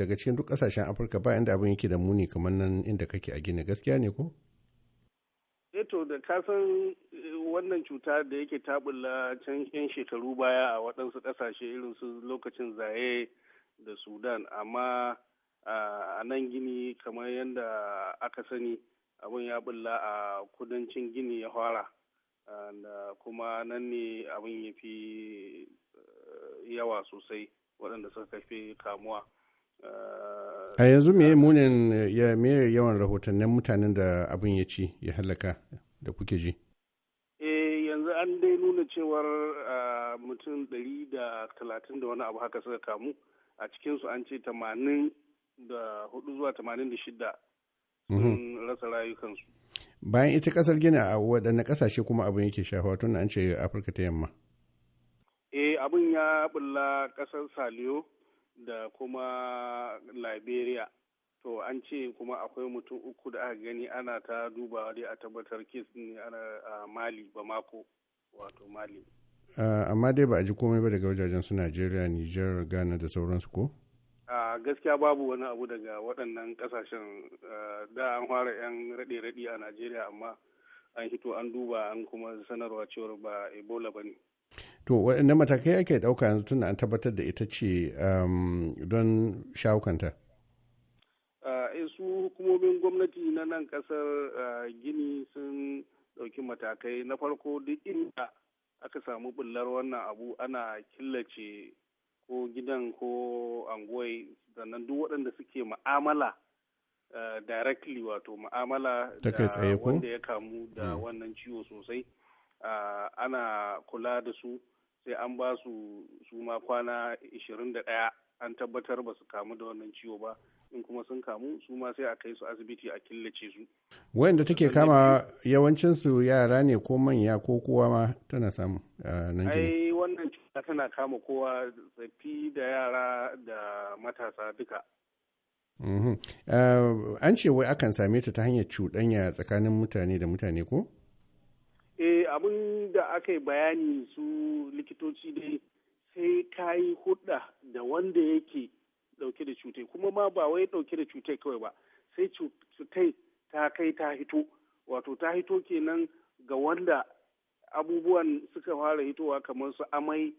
daga cikin duk kasashen afirka ba inda abin yake da muni kamar nan inda kake a gini gaskiya ne ko eto eh da san eh, wannan cuta da yake tabulla can yan shekaru baya a waɗansu ƙasashe irin su lokacin zaye da sudan amma a nan gini kamar yadda aka sani abin ya bulla a kudancin gini ya fara da uh, kuma nan ne abin ya fi eh, yawa sosai waɗanda suka kafe kamuwa a yanzu me munin ya me yawan rahotannin mutanen da abin ya ci ya halaka da kuke ji eh, yanzu an dai nuna cewar mutum 130 da wani abu haka suka kamu a cikinsu an ce tamanin zuwa tamanin sun mhm. rasa rayukansu bayan ita kasar gina a waɗanne ƙasashe kuma abin yake shafa tun an ce afirka ta yamma eh abin ya bulla ƙasar saliyo da kuma liberia to an ce kuma akwai mutum uku da aka gani ana ta dubawa dai a tabbatar Kis ne a mali ba mako, wato mali amma dai ba a ji komai ba daga wajajen su najeriya niger ghana da sauransu ko a gaskiya babu wani abu daga waɗannan ƙasashen da an fara 'yan raɗe-raɗi a najeriya amma an hito an duba an kuma sanarwa cewar ba ebola ba ne to waɗanne matakai ake ɗauka yanzu tun an tabbatar da ita ce um, don shawukanta uh, eh, su hukumomin gwamnati na nan ƙasar uh, gini sun ɗauki matakai na farko duk inda aka samu bullar wannan abu ana killace ko gidan ko angoyi sannan duk waɗanda suke ma'amala uh, directly wato ma'amala da wanda ya kamu da hmm. wannan ciwo sosai ana kula da su sai an ba su su ma kwana 21 an tabbatar ba su kamu da wannan ciwo ba in kuma sun kamu su ma sai a kai su asibiti a killace su. Wayanda take kama yawancinsu yara ne ko manya ko kowa ma tana samu a nan Ai wannan cuta tana kama kowa tsafi da yara da matasa duka. Mm-hmm. An ce wai akan same ta ta hanyar cuɗanya tsakanin mutane da mutane ko? abin da aka bayani su likitoci dai sai ka yi hudda da wanda yake dauke da cutai kuma ma ba wai dauke da cutai kawai ba sai cutai ta kai ta hito wato ta hito kenan ga wanda abubuwan suka fara hitowa kamar su amai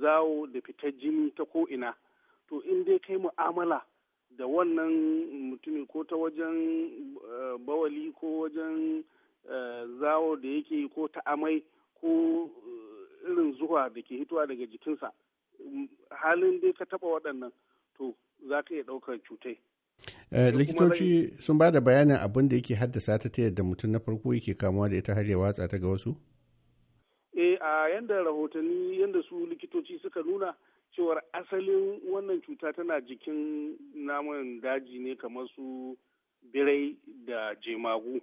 zawo da fitar jini ta ko'ina to in dai kai mu'amala da wannan mutumin ko ta wajen eh, bawali ko wajen Eh, zawo da yake ko ta amai ko eh, irin zuwa da ke hitowa daga jikinsa mm, halin dai ka taba waɗannan to za ka iya ɗaukar cutai. Eh, likitoci sun ba da bayanin abin da yake haddasa ta ta yadda mutum na farko yake kamuwa da ita har ya watsa ta ga wasu? eh a yanda rahotanni yanda su likitoci suka nuna cewar asalin wannan cuta tana jikin naman daji ne kamar su birai da jemagu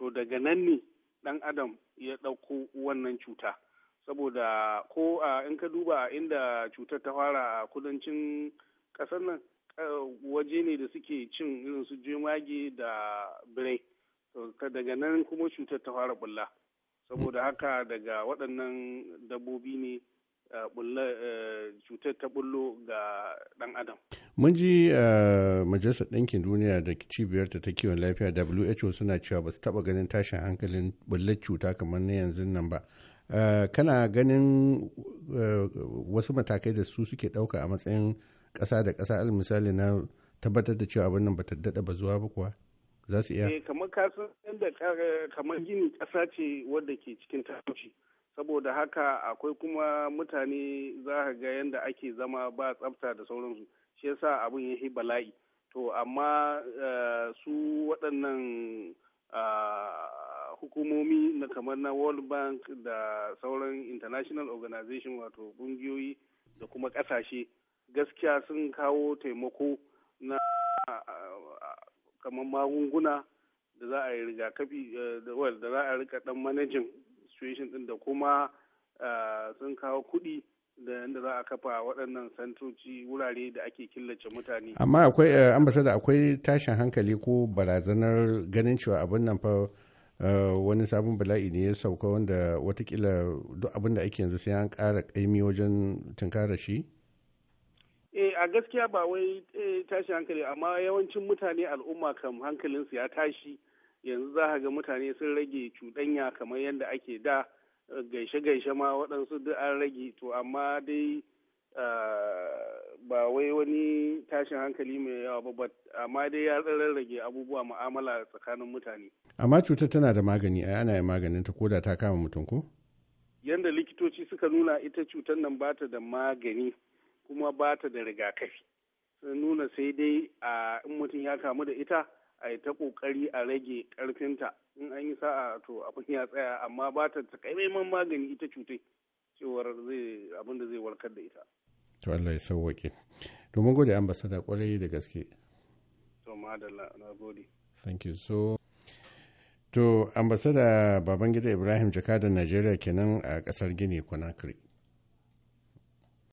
to daga nan ne ɗan adam ya ɗauko wannan cuta saboda ko in ka duba inda cutar ta fara a kudancin ƙasar nan waje ne da suke cin irin su jemage da birai daga nan kuma cutar ta fara bulla saboda haka daga waɗannan dabbobi ne Eh, eh, cutar ta bullo ga ɗan adam. Mun ji eh, Majalisar Ɗinkin Duniya da cibiyarta ta kiwon lafiya WHO suna cewa ba su taɓa ganin tashin hankalin bullar cuta kamar na yanzu nan ba. Kana ganin wasu matakai da su suke ɗauka a matsayin ƙasa da ƙasa al misali na tabbatar da cewa abin nan ba ta daɗa ba zuwa ba kuwa? Za su iya? Kamar kasan da kamar gini ƙasa ce wadda ke cikin talauci. saboda haka akwai kuma mutane za ka ga yadda ake zama ba tsafta da sauransu shi yasa abin ya bala'i to amma eh, su waɗannan eh, hukumomi na kamar na world bank da sauran international organization wato ƙungiyoyi da kuma ƙasashe gaskiya sun kawo taimako na eh, kamar magunguna da za a yi rigakafi da za a rika dan manajin situation din da kuma eh, sun kawo kuɗi da yadda za a kafa waɗannan santoci wurare da ake killace mutane. Amma akwai eh, ambasada akwai tashin hankali ko barazanar ganin cewa abin nan fa eh, wani sabon bala'i ne ya sauka wanda watakila duk abin da ake yanzu sai an ƙara ƙaimi wajen tunkara shi? Eh a gaskiya ba wai tashin hankali amma yawancin mutane al'umma kam hankalinsu ya tashi. yanzu za ga mutane sun rage cuɗanya kamar yadda ake da eh, gaishe-gaishe ma waɗansu duk an rage to amma dai eh, ba wai wani tashin hankali mai yawa ba amma dai ya tsirar rage abubuwa mu'amala tsakanin mutane amma cutar tana da magani ai ana maganin ta koda ta kama mutum ko yadda likitoci suka nuna ita cutar nan ba ta da magani kuma ba ta da rigakafi sun nuna sai dai a ah, in mutum ya kamu da ita a yi ta kokari a rage karfinta in an yi sa'a to abin ya tsaya amma ba ta takaimaiman magani ita cutai cewar abin da zai warkar da ita to Allah ya sauwaƙe domin gode ambasada kwarai da gaske to madalla na gode thank you so to ambasada babangida ibrahim jakadan najeriya kenan a kasar gini conakry